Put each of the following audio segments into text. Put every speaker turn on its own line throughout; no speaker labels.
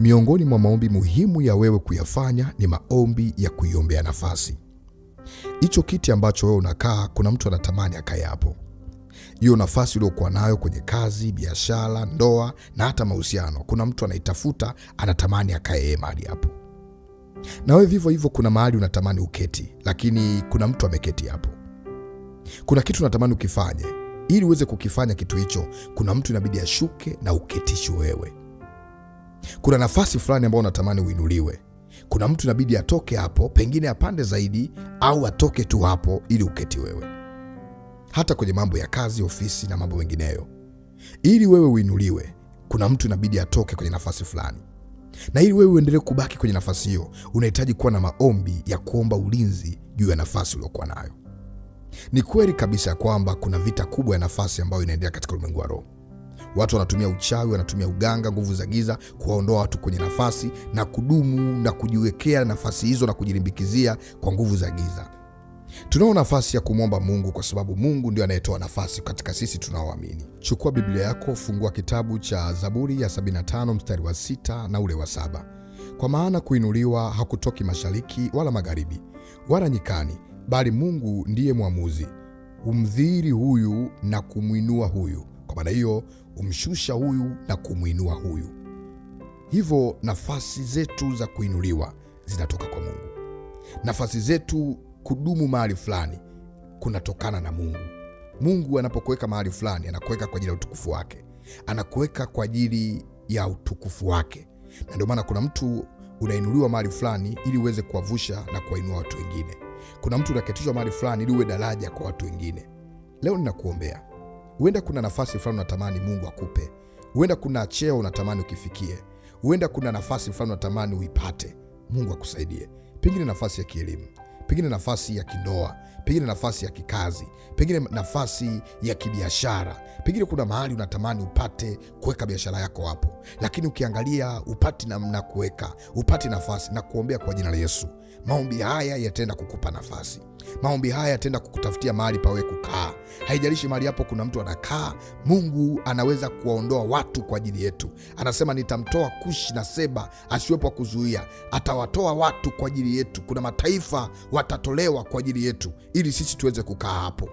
Miongoni mwa maombi muhimu ya wewe kuyafanya ni maombi ya kuiombea nafasi. Hicho kiti ambacho wewe unakaa, kuna mtu anatamani akae hapo. Hiyo nafasi uliokuwa nayo kwenye kazi, biashara, ndoa na hata mahusiano, kuna mtu anaitafuta, anatamani akae yeye mahali hapo. Na wewe vivyo hivyo, kuna mahali unatamani uketi, lakini kuna mtu ameketi hapo. Kuna kitu unatamani ukifanye, ili uweze kukifanya kitu hicho, kuna mtu inabidi ashuke na uketishwe wewe kuna nafasi fulani ambayo unatamani uinuliwe. Kuna mtu inabidi atoke hapo, pengine apande zaidi, au atoke tu hapo ili uketi wewe, hata kwenye mambo ya kazi, ofisi na mambo mengineyo. Ili wewe uinuliwe, kuna mtu inabidi atoke kwenye nafasi fulani, na ili wewe uendelee kubaki kwenye nafasi hiyo, unahitaji kuwa na maombi ya kuomba ulinzi juu ya nafasi uliokuwa nayo. Ni kweli kabisa ya kwamba kuna vita kubwa ya nafasi ambayo inaendelea katika ulimwengu wa roho. Watu wanatumia uchawi, wanatumia uganga, nguvu za giza kuwaondoa watu kwenye nafasi na kudumu na kujiwekea nafasi hizo na kujirimbikizia kwa nguvu za giza. Tunao nafasi ya kumwomba Mungu kwa sababu Mungu ndio anayetoa nafasi katika sisi tunaoamini. Chukua Biblia yako, fungua kitabu cha Zaburi ya 75 mstari wa sita na ule wa saba. Kwa maana kuinuliwa hakutoki mashariki wala magharibi wala nyikani, bali Mungu ndiye mwamuzi, umdhiri huyu na kumwinua huyu maana hiyo humshusha huyu na kumwinua huyu. Hivyo nafasi zetu za kuinuliwa zinatoka kwa Mungu. Nafasi zetu kudumu mahali fulani kunatokana na Mungu. Mungu anapokuweka mahali fulani, anakuweka kwa ajili ya utukufu wake, anakuweka kwa ajili ya utukufu wake, na ndio maana kuna mtu unainuliwa mahali fulani ili uweze kuwavusha na kuwainua watu wengine. Kuna mtu unaketishwa mahali fulani ili uwe daraja kwa watu wengine. Leo ninakuombea Huenda kuna nafasi fulani unatamani Mungu akupe, huenda kuna cheo unatamani ukifikie, huenda kuna nafasi fulani unatamani uipate, Mungu akusaidie, pengine nafasi ya kielimu pengine nafasi ya kindoa, pengine nafasi ya kikazi, pengine nafasi ya kibiashara, pengine kuna mahali unatamani upate kuweka biashara yako hapo, lakini ukiangalia upati namna kuweka, upati nafasi na kuombea kwa jina la Yesu, maombi haya yataenda kukupa nafasi maombi haya yataenda kukutafutia mahali pawe kukaa. Haijalishi mahali hapo kuna mtu anakaa, Mungu anaweza kuwaondoa watu kwa ajili yetu. Anasema, nitamtoa Kushi na Seba asiwepo kuzuia, atawatoa watu kwa ajili yetu. Kuna mataifa watatolewa kwa ajili yetu, ili sisi tuweze kukaa hapo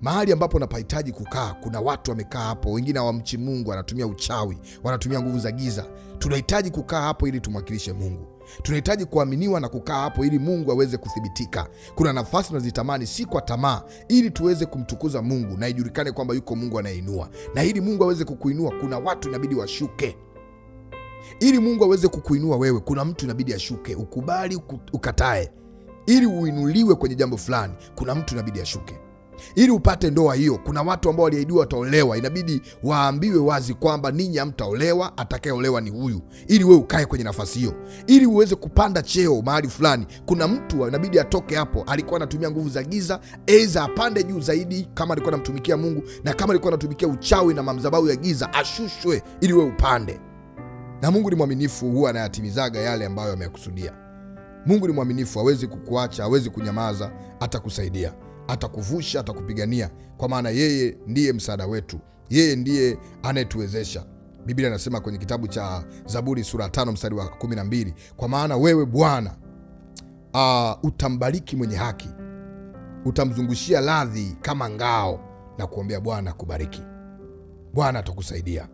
mahali ambapo napahitaji kukaa. Kuna watu wamekaa hapo, wengine hawamchi Mungu, wanatumia uchawi, wanatumia nguvu za giza. Tunahitaji kukaa hapo ili tumwakilishe Mungu. Tunahitaji kuaminiwa na kukaa hapo ili Mungu aweze kuthibitika. Kuna nafasi tunazitamani si kwa tamaa, ili tuweze kumtukuza Mungu na ijulikane kwamba yuko Mungu anayeinua, na ili Mungu aweze kukuinua, kuna watu inabidi washuke ili Mungu aweze kukuinua wewe, kuna mtu inabidi ashuke. Ukubali ukatae. Ili uinuliwe kwenye jambo fulani, kuna mtu inabidi ashuke. Ili upate ndoa hiyo, kuna watu ambao waliahidiwa wataolewa, inabidi waambiwe wazi kwamba ninyi hamtaolewa, atakayeolewa ni huyu, ili we ukae kwenye nafasi hiyo. Ili uweze kupanda cheo mahali fulani, kuna mtu inabidi atoke hapo. Alikuwa anatumia nguvu za giza, eza apande juu zaidi, kama alikuwa anamtumikia Mungu, na kama alikuwa anatumikia uchawi na mamzabau ya giza, ashushwe ili we upande. Na Mungu ni mwaminifu, huwa anayatimizaga yale ambayo ameyakusudia. Mungu ni mwaminifu, hawezi kukuacha, hawezi kunyamaza, atakusaidia, atakuvusha, atakupigania, kwa maana yeye ndiye msaada wetu, yeye ndiye anayetuwezesha. Biblia inasema kwenye kitabu cha Zaburi sura tano mstari wa mbili kwa maana wewe Bwana uh, utambariki mwenye haki, utamzungushia radhi kama ngao, na kuombea Bwana kubariki. Bwana atakusaidia.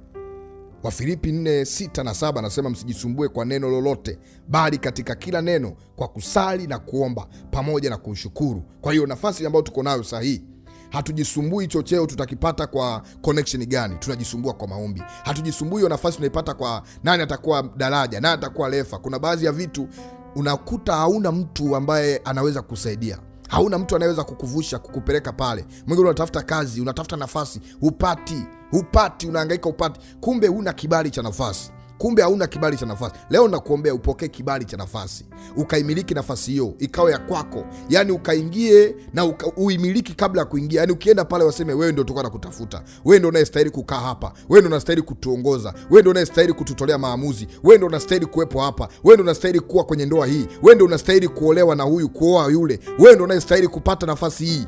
Wafilipi 4 6 na 7 anasema msijisumbue kwa neno lolote, bali katika kila neno kwa kusali na kuomba pamoja na kushukuru. Kwa hiyo nafasi ambayo tuko nayo sahihi Hatujisumbui chocheo tutakipata kwa connection gani, tunajisumbua kwa maombi. Hatujisumbui hiyo nafasi tunaipata kwa nani atakuwa daraja, nani atakuwa refa. Kuna baadhi ya vitu unakuta hauna mtu ambaye anaweza kusaidia hauna mtu anayeweza kukuvusha kukupeleka pale. Mwingine unatafuta kazi, unatafuta nafasi, hupati, hupati, unahangaika, upati kumbe huna kibali cha nafasi kumbe hauna kibali cha nafasi. Leo nakuombea upokee kibali cha nafasi, ukaimiliki nafasi hiyo ikawe ya kwako, yani ukaingie na uka, uimiliki kabla ya kuingia. Yani ukienda pale waseme wewe ndio tulikuwa kutafuta wewe ndio unayestahili kukaa hapa, wewe ndio unastahili kutuongoza, wewe ndio unayestahili kututolea maamuzi, wewe ndio unastahili kuwepo hapa, wewe ndio unastahili kuwa kwenye ndoa hii, wewe ndio unastahili kuolewa na huyu, kuoa yule, wewe ndio unayestahili kupata nafasi hii.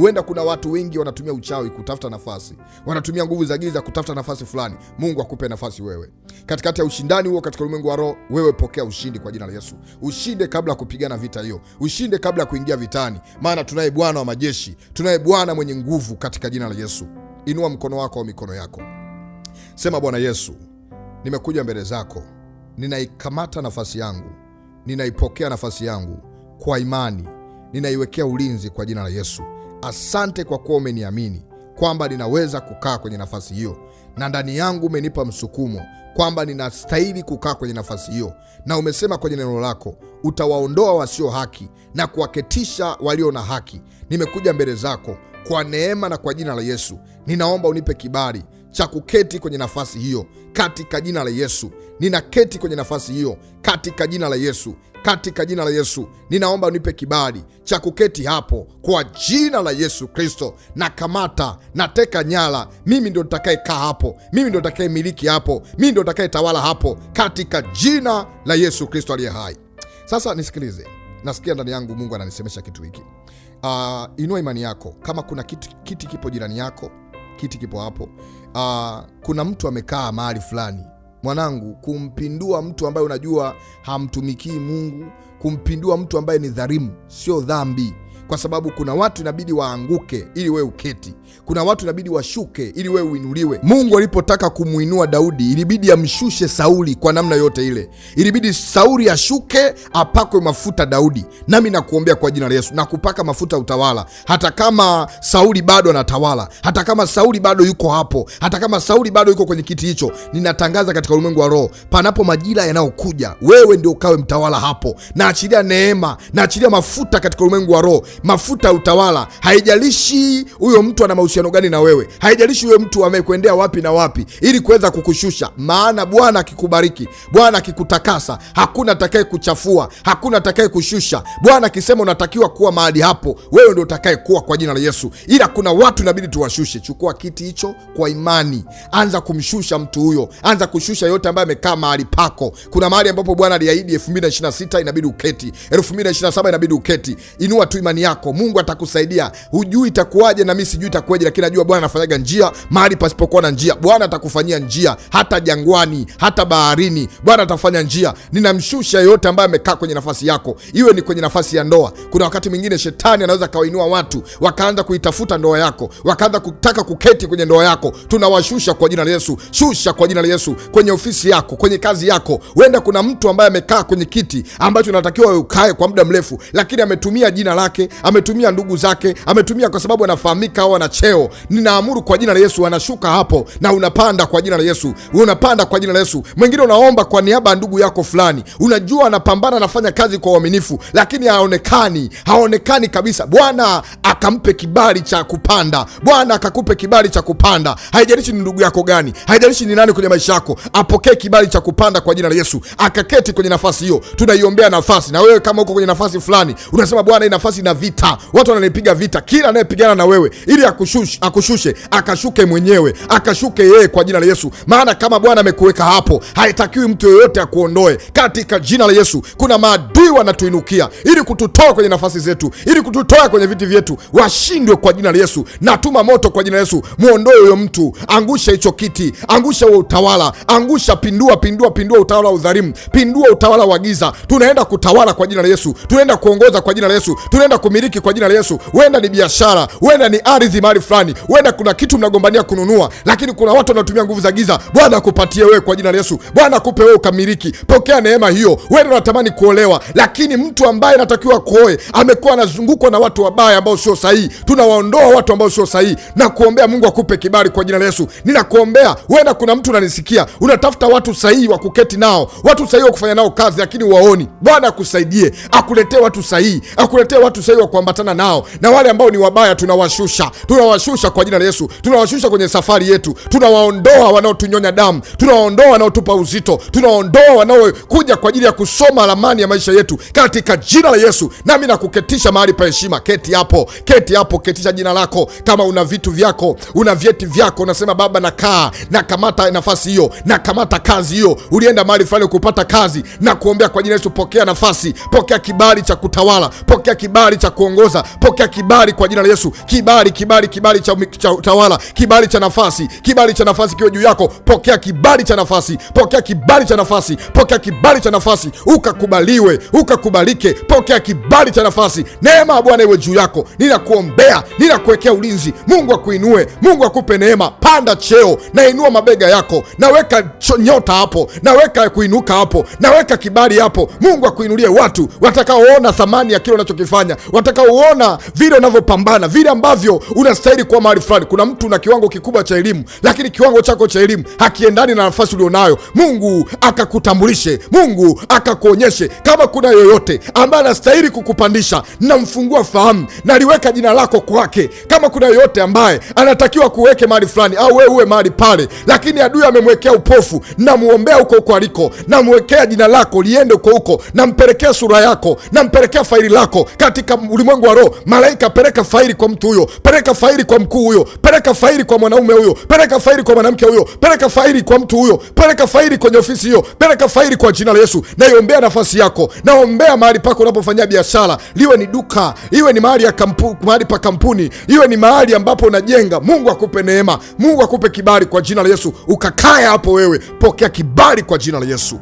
Huenda kuna watu wengi wanatumia uchawi kutafuta nafasi, wanatumia nguvu za giza kutafuta nafasi fulani. Mungu akupe nafasi wewe katikati ya ushindani huo, katika ulimwengu wa roho. Wewe pokea ushindi kwa jina la Yesu. Ushinde kabla ya kupigana vita hiyo, ushinde kabla ya kuingia vitani, maana tunaye Bwana wa majeshi, tunaye Bwana mwenye nguvu, katika jina la Yesu. Inua mkono wako au mikono yako, sema: Bwana Yesu, nimekuja mbele zako, ninaikamata nafasi yangu, ninaipokea nafasi yangu kwa imani, ninaiwekea ulinzi kwa jina la Yesu. Asante kwa kuwa umeniamini kwamba ninaweza kukaa kwenye nafasi hiyo, na ndani yangu umenipa msukumo kwamba ninastahili kukaa kwenye nafasi hiyo, na umesema kwenye neno lako utawaondoa wasio haki na kuwaketisha walio na haki. Nimekuja mbele zako kwa neema na kwa jina la Yesu, ninaomba unipe kibali cha kuketi kwenye nafasi hiyo katika jina la Yesu. Ninaketi kwenye nafasi hiyo katika jina la Yesu, katika jina la Yesu. Ninaomba unipe kibali cha kuketi hapo kwa jina la Yesu Kristo. Na kamata na teka nyara, mimi ndo nitakayekaa hapo, mimi ndo nitakaye miliki hapo, mimi ndo nitakaye tawala hapo, katika jina la Yesu Kristo aliye hai. Sasa nisikilize, nasikia ndani yangu Mungu ananisemesha kitu hiki. Uh, inua imani yako. Kama kuna kiti, kiti kipo jirani yako kiti kipo hapo. Uh, kuna mtu amekaa mahali fulani mwanangu, kumpindua mtu ambaye unajua hamtumikii Mungu, kumpindua mtu ambaye ni dharimu sio dhambi kwa sababu kuna watu inabidi waanguke ili wewe uketi, kuna watu inabidi washuke ili wewe uinuliwe. Mungu alipotaka kumwinua Daudi ilibidi amshushe Sauli kwa namna yote ile, ilibidi Sauli ashuke, apakwe mafuta Daudi. Nami nakuombea kwa jina la Yesu na kupaka mafuta utawala, hata kama Sauli bado anatawala, hata kama Sauli bado yuko hapo, hata kama Sauli bado yuko kwenye kiti hicho. Ninatangaza katika ulimwengu wa roho, panapo majira yanayokuja, wewe ndio ukawe mtawala hapo. Naachilia neema, naachilia mafuta katika ulimwengu wa roho mafuta ya utawala. Haijalishi huyo mtu ana mahusiano gani na wewe, haijalishi huyo mtu amekuendea wapi na wapi, ili kuweza kukushusha. Maana Bwana akikubariki, Bwana akikutakasa, hakuna atakaye kuchafua, hakuna atakaye kushusha. Bwana akisema unatakiwa kuwa mahali hapo, wewe ndio utakaye kuwa kwa jina la Yesu. Ila kuna watu inabidi tuwashushe. Chukua kiti hicho kwa imani, anza kumshusha mtu huyo, anza kushusha yote ambaye amekaa mahali pako. Kuna mahali ambapo Bwana aliahidi 2026 inabidi uketi, 2027 inabidi uketi. Inua tu imani yako yako, Mungu atakusaidia. Hujui itakuwaje, na mimi sijui itakuwaje, lakini najua Bwana anafanyaga njia mahali pasipokuwa na njia. Bwana atakufanyia njia, hata jangwani, hata baharini, Bwana atafanya njia. Ninamshusha yote ambaye amekaa kwenye nafasi yako, iwe ni kwenye nafasi ya ndoa. Kuna wakati mwingine shetani anaweza kawainua watu wakaanza kuitafuta ndoa yako, wakaanza kutaka kuketi kwenye ndoa yako. Tunawashusha kwa jina la Yesu, shusha kwa jina la Yesu. Kwenye ofisi yako, kwenye kazi yako, huenda kuna mtu ambaye amekaa kwenye kiti ambacho unatakiwa ukae kwa muda mrefu, lakini ametumia jina lake, ametumia ndugu zake, ametumia kwa sababu anafahamika au ana cheo. Ninaamuru kwa jina la Yesu, anashuka hapo na unapanda kwa jina la Yesu, unapanda kwa jina la Yesu. Mwingine unaomba kwa niaba ya ndugu yako fulani, unajua anapambana, anafanya kazi kwa uaminifu, lakini haonekani, haonekani kabisa. Bwana akampe kibali cha kupanda, Bwana akakupe kibali cha kupanda. Haijalishi ni ndugu yako gani, haijalishi ni nani kwenye maisha yako, apokee kibali cha kupanda kwa jina la Yesu, akaketi kwenye nafasi hiyo. Tunaiombea nafasi, na wewe kama uko kwenye nafasi fulani, unasema Bwana, hii nafasi ina vita, watu wananipiga vita. Kila anayepigana na wewe ili akushushe, akushushe akashuke mwenyewe, akashuke yeye kwa jina la Yesu, maana kama Bwana amekuweka hapo, haitakiwi mtu yoyote akuondoe katika jina la Yesu. Kuna maadui wanatuinukia ili kututoa kwenye nafasi zetu, ili kututoa kwenye viti vyetu, washindwe kwa jina la Yesu. Natuma moto kwa jina la Yesu, muondoe huyo mtu, angusha hicho kiti, angusha huo utawala, angusha, pindua, pindua, pindua utawala wa udhalimu, pindua utawala wa giza. Tunaenda kutawala kwa jina la Yesu, tunaenda kuongoza kwa jina la Yesu, tunaenda ku kumiliki kwa jina la Yesu. Wenda ni biashara, wenda ni ardhi mahali fulani, wenda kuna kitu mnagombania kununua, lakini kuna watu wanatumia nguvu za giza. Bwana akupatie wewe kwa jina la Yesu. Bwana akupe wewe ukamiliki. Pokea neema hiyo. Wewe unatamani kuolewa, lakini mtu ambaye anatakiwa kuoe amekuwa anazungukwa na watu wabaya ambao sio sahihi. Tunawaondoa watu ambao sio sahihi na kuombea Mungu akupe kibali kwa jina la Yesu. Ninakuombea wewe kuna mtu unanisikia, unatafuta watu sahihi wa kuketi nao, watu sahihi wa kufanya nao kazi, lakini waoni. Bwana akusaidie, akuletee watu sahihi, akuletee watu sahihi tunaojaliwa kuambatana nao, na wale ambao ni wabaya tunawashusha, tunawashusha kwa jina la Yesu, tunawashusha kwenye safari yetu, tunawaondoa wanaotunyonya damu, tunawaondoa wanaotupa uzito, tunawaondoa wanaokuja kwa ajili ya kusoma ramani ya maisha yetu katika jina la Yesu. Nami nakuketisha mahali pa heshima. Keti hapo, keti hapo, ketisha jina lako. Kama una vitu vyako, una vyeti vyako, unasema Baba, nakaa nakamata nafasi hiyo, nakamata kazi hiyo. Ulienda mahali fulani kupata kazi, na kuombea kwa jina la Yesu, pokea nafasi, pokea kibali cha kutawala, pokea kibali cha kuongoza. Pokea kibali kwa jina la Yesu, kibali, kibali, kibali cha, cha utawala, kibali cha nafasi, kibali cha nafasi kiwe juu yako. Pokea kibali cha nafasi, pokea kibali cha nafasi, pokea kibali cha nafasi, ukakubaliwe, ukakubalike. Pokea kibali cha nafasi. Neema ya Bwana iwe juu yako. Ninakuombea, ninakuwekea ulinzi. Mungu akuinue, Mungu akupe neema. Panda cheo, nainua mabega yako, naweka nyota hapo, naweka kuinuka hapo, naweka kibali hapo. Mungu akuinulie watu watakaoona thamani ya kile unachokifanya watakauona vile unavyopambana, vile ambavyo unastahili kuwa mahali fulani. Kuna mtu na kiwango kikubwa cha elimu, lakini kiwango chako cha elimu hakiendani na nafasi ulionayo. Mungu akakutambulishe, Mungu akakuonyeshe. Kama kuna yoyote ambaye anastahili kukupandisha, namfungua fahamu, naliweka jina lako kwake. Kama kuna yoyote ambaye anatakiwa kuweke mahali fulani, au wewe uwe mahali pale, lakini adui amemwekea upofu, namuombea huko huko aliko, namwekea jina lako liende huko huko, nampelekea sura yako, nampelekea faili lako katika ulimwengu wa roho. Malaika, peleka faili kwa mtu huyo, peleka faili kwa mkuu huyo, peleka faili kwa mwanaume huyo, peleka faili kwa mwanamke huyo, peleka faili kwa mtu huyo, peleka faili kwenye ofisi hiyo, peleka faili kwa jina la Yesu. Naiombea nafasi yako, naombea mahali pako unapofanyia biashara, liwe ni duka, iwe ni mahali ya kampu, mahali pa kampuni, iwe ni mahali ambapo unajenga. Mungu akupe neema, Mungu akupe kibali kwa jina la Yesu, ukakae hapo wewe, pokea kibali kwa jina la Yesu.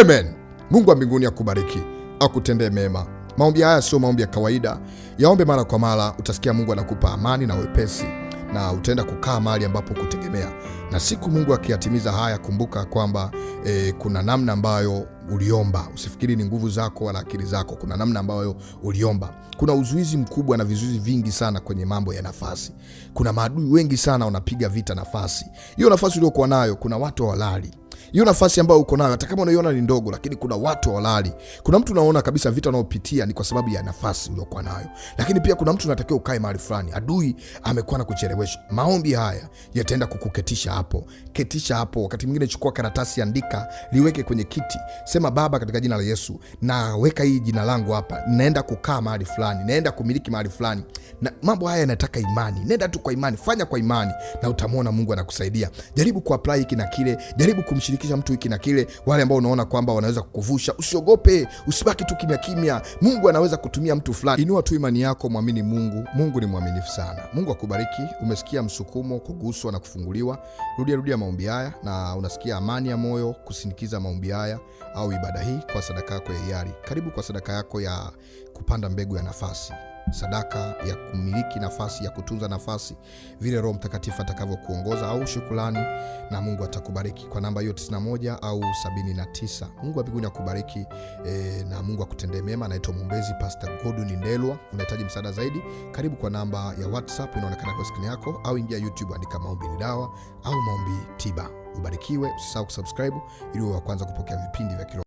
Amen. Mungu wa mbinguni akubariki, akutendee mema. Maombi haya sio maombi ya kawaida, yaombe mara kwa mara, utasikia Mungu anakupa amani na wepesi, na utaenda kukaa mahali ambapo kutegemea. Na siku Mungu akiyatimiza haya, kumbuka kwamba e, kuna namna ambayo uliomba. Usifikiri ni nguvu zako wala akili zako, kuna namna ambayo uliomba. Kuna uzuizi mkubwa na vizuizi vingi sana kwenye mambo ya nafasi. Kuna maadui wengi sana wanapiga vita nafasi. Hiyo nafasi uliokuwa nayo, kuna watu hawalali hiyo nafasi ambayo uko nayo, hata kama unaiona ni ndogo, lakini kuna watu walali. Kuna mtu unaona kabisa vita unaopitia ni kwa sababu ya nafasi uliokuwa nayo, lakini pia kuna mtu unatakiwa ukae mahali fulani, adui amekuwa na kuchelewesha. Maombi haya yataenda kukuketisha hapo, ketisha hapo. Wakati mwingine chukua karatasi, andika, liweke kwenye kiti, sema Baba, katika jina la Yesu naweka hii jina langu hapa, naenda kukaa mahali fulani, naenda kumiliki mahali fulani, na mambo haya yanataka imani. Nenda tu kwa imani, fanya kwa imani na utamwona Mungu anakusaidia. Jaribu kuapply hiki na kile, jaribu kumshi kumshirikisha mtu hiki na kile. Wale ambao unaona kwamba wanaweza kukuvusha, usiogope, usibaki tu kimya kimya. Mungu anaweza kutumia mtu fulani. Inua tu imani yako, mwamini Mungu. Mungu ni mwaminifu sana. Mungu akubariki. Umesikia msukumo, kuguswa na kufunguliwa. Rudia rudia maombi haya, na unasikia amani ya moyo kusindikiza maombi haya au ibada hii kwa sadaka yako ya hiari. Karibu kwa sadaka yako ya kupanda mbegu ya nafasi sadaka ya kumiliki nafasi ya kutunza nafasi vile Roho Mtakatifu atakavyokuongoza au shukulani na Mungu atakubariki kwa namba hiyo 91 au 79. Mungu apiguni akubariki e, na Mungu akutendee mema. Naitwa mwombezi Pastor Godwin Ndelwa. Unahitaji msaada zaidi? Karibu kwa namba ya WhatsApp inaonekana kwa skrini yako, au ingia YouTube, andika maombi ni dawa au maombi tiba. Ubarikiwe, usisahau kusubscribe ili uwe wa kwanza kupokea vipindi vya kiro